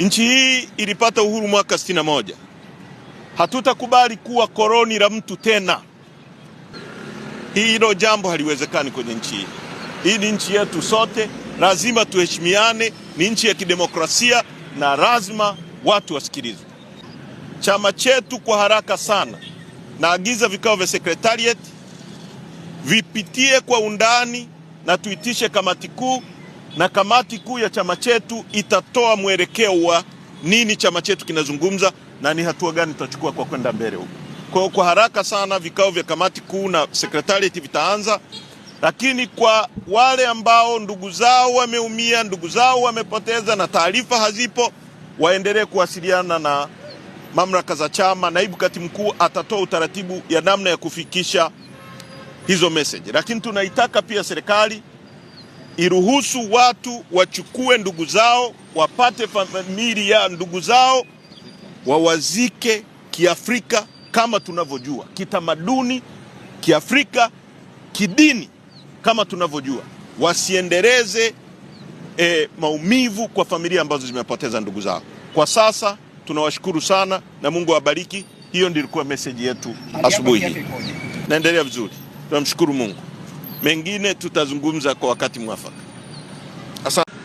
Nchi hii ilipata uhuru mwaka sitini na moja. Hatutakubali kuwa koloni la mtu tena. Hilo jambo haliwezekani kwenye nchi hii. Hii ni nchi yetu sote, lazima tuheshimiane. Ni nchi ya kidemokrasia na lazima watu wasikilizwe. Chama chetu kwa haraka sana, naagiza vikao vya sekretariat vipitie kwa undani na tuitishe kamati kuu na kamati kuu ya chama chetu itatoa mwelekeo wa nini chama chetu kinazungumza na ni hatua gani tutachukua kwa kwenda mbele huko. Kwa kwa haraka sana vikao vya kamati kuu na sekretarieti vitaanza, lakini kwa wale ambao ndugu zao wameumia, ndugu zao wamepoteza na taarifa hazipo, waendelee kuwasiliana na mamlaka za chama. Naibu katibu mkuu atatoa utaratibu ya namna ya kufikisha hizo message, lakini tunaitaka pia serikali iruhusu watu wachukue ndugu zao, wapate familia ya ndugu zao, wawazike Kiafrika kama tunavyojua, kitamaduni Kiafrika, kidini kama tunavyojua, wasiendeleze e, maumivu kwa familia ambazo zimepoteza ndugu zao. Kwa sasa tunawashukuru sana na Mungu awabariki. Hiyo ndiyo ilikuwa meseji yetu asubuhi hii. Naendelea vizuri, tunamshukuru Mungu. Mengine tutazungumza kwa wakati mwafaka. Asante.